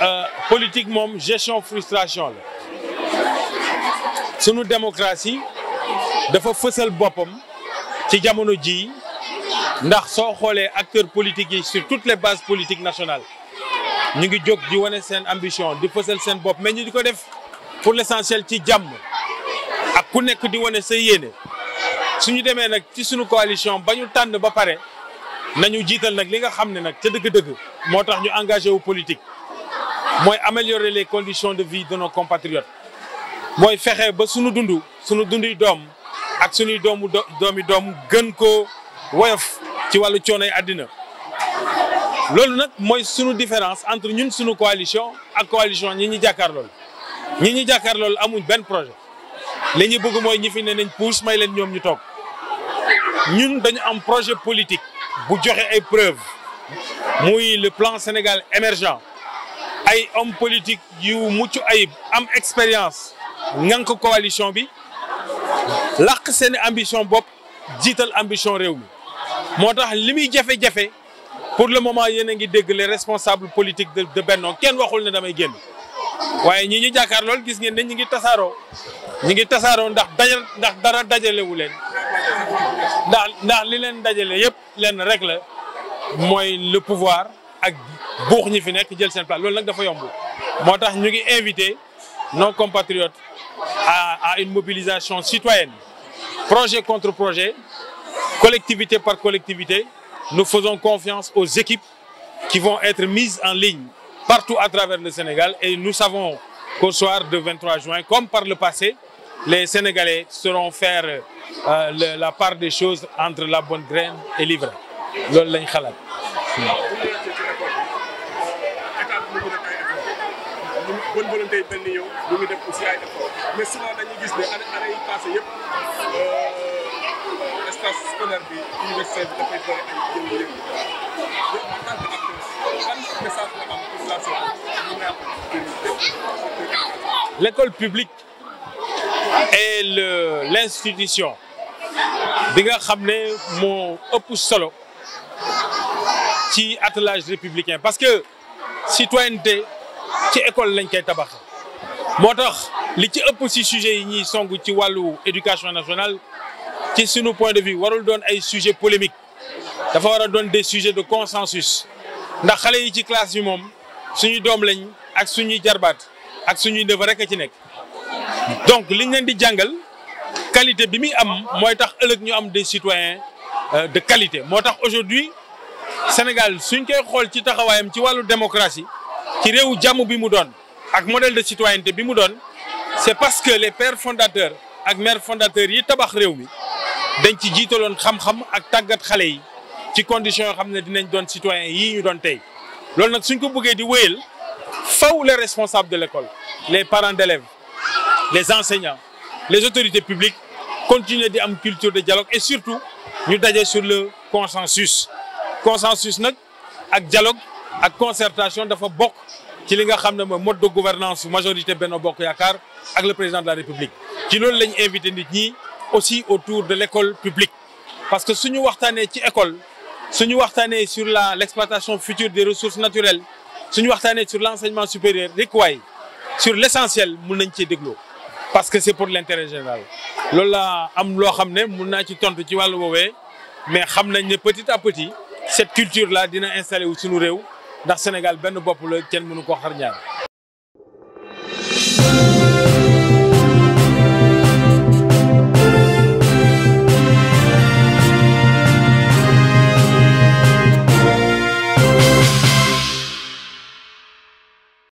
Euh, politique moom gestion frustration la sunu démocratie dafa fësal boppam ci jamono ji ndax soo xoolee acteurs politiques yi sur toutes les bases politiques nationales ñu ngi jóg di wane seen ambition di fësal seen bopp mais ñu di ko def pour l'essentiel ci jàmm ak ku nekk di wane sa yéene su ñu demee nag ci sunu coalition ba ñu tànn ba pare nañu jiital nag li nga xam ne nag ca dëgg-dëgg moo tax ñu engagé wu politique mooy améliorer les conditions de vie de nos compatriotes mooy fexe ba suñu dundu suñu dunduy doom ak suñuy doomu doomi doom gën koo woyof ci wàllu coonoy àddina loolu nag mooy sunu différence entre ñun sunu coalition a coalition ñi ñu jàkkaarlool ñi ñu jàkkaarlool amuñ benn projet li ñu bëgg mooy ñi fi ne nañ pousse may leen ñoom ñu toog ñun dañu am projet politique bu joxe ay preuve muy le plan Sénégal émergent ay homme politique yu mucc ay am expérience ngànk coalition bi làq seen ambition bopp jiital ambition réew mi moo tax li muy jafe-jafe pour le moment yéen a ngi dégg les responsables politiques de de Benno kenn waxul ne damay génn waaye ñi ñu jàkkaar lool gis ngeen ne ñi ngi tasaaroo ñi ngi tasaaroo ndax daja ndax dara dajalewu leen ndax ndax li leen dajale yëpp lenn rek la mooy le pouvoir ak buux ñi fi nekk jël seen place loolu nag dafa yomb moo tax ñu ngi invité nos compatriotes à à une mobilisation citoyenne projet contre projet collectivité par collectivité Nous faisons confiance aux équipes qui vont être mises en ligne partout à travers le Sénégal et nous savons qu'au soir de comme par le passé, les Sénégalais seront faire euh, la part des choses entre la bonne graine et loolu lañ xalaat. stage scolaire bi université bi l'école publique est l'institution bi nga xam ne moo ëpp solo ci attelage républicain parce que citoyenneté ci école lañ koy tabax moo li ci ëpp si sujet yi ñuy song ci wàllu éducation nationale ci suñu point de vue warul doon ay sujet polémique dafa war a doon des sujets de consensus ndax xale yi ci classe bi moom suñu doom lañ ak suñuy jarbaat ak suñuy neveu rek a ci nekk donc liñ leen di jàngal qualité bi muy am mooy tax ëllëg ñu am des citoyens euh, de qualité moo tax aujourd'hui Sénégal suñ koy xool ci taxawaayam ci wàllu démocratie ci réewu jàmm bi mu doon ak modèle de citoyenneté bi mu doon c'est parce que les pères fondateurs ak mères fondateurs yi tabax réew mi dañ ci jiitaloon xam-xam ak tàggat xale yi ci condition yoo xam ne dinañ doon citoyen yii ñu doon tey loolu nag suñ ko bëggee di wéyal faw les responsables de l'école les parents d'élèves les enseignants les autorités publiques continuer di am culture de dialogue et surtout ñu daje sur le consensus consensus nag ak dialogue ak concertation dafa bokk ci li nga xam ne mooy mode de gouvernance majorité Benno Bokk Yaakaar ak le président de la République ci aussi autour de l'école publique parce que suñu waxtaanee ci école suñu waxtaanee sur la l'exploitation future des ressources naturelles suñu waxtaanee sur l'enseignement supérieur rikuwaay sur l'essentiel mun nañ cee dégloo parce que c'est pour l'intérêt général loolu la am loo xam ne mun naa ci tontu ci wàllu woowee mais xam nañ ne petit à petit cette culture la dina installé wu suñu réew ndax Sénégal benn bopp la kenn mënu ko xar ñaar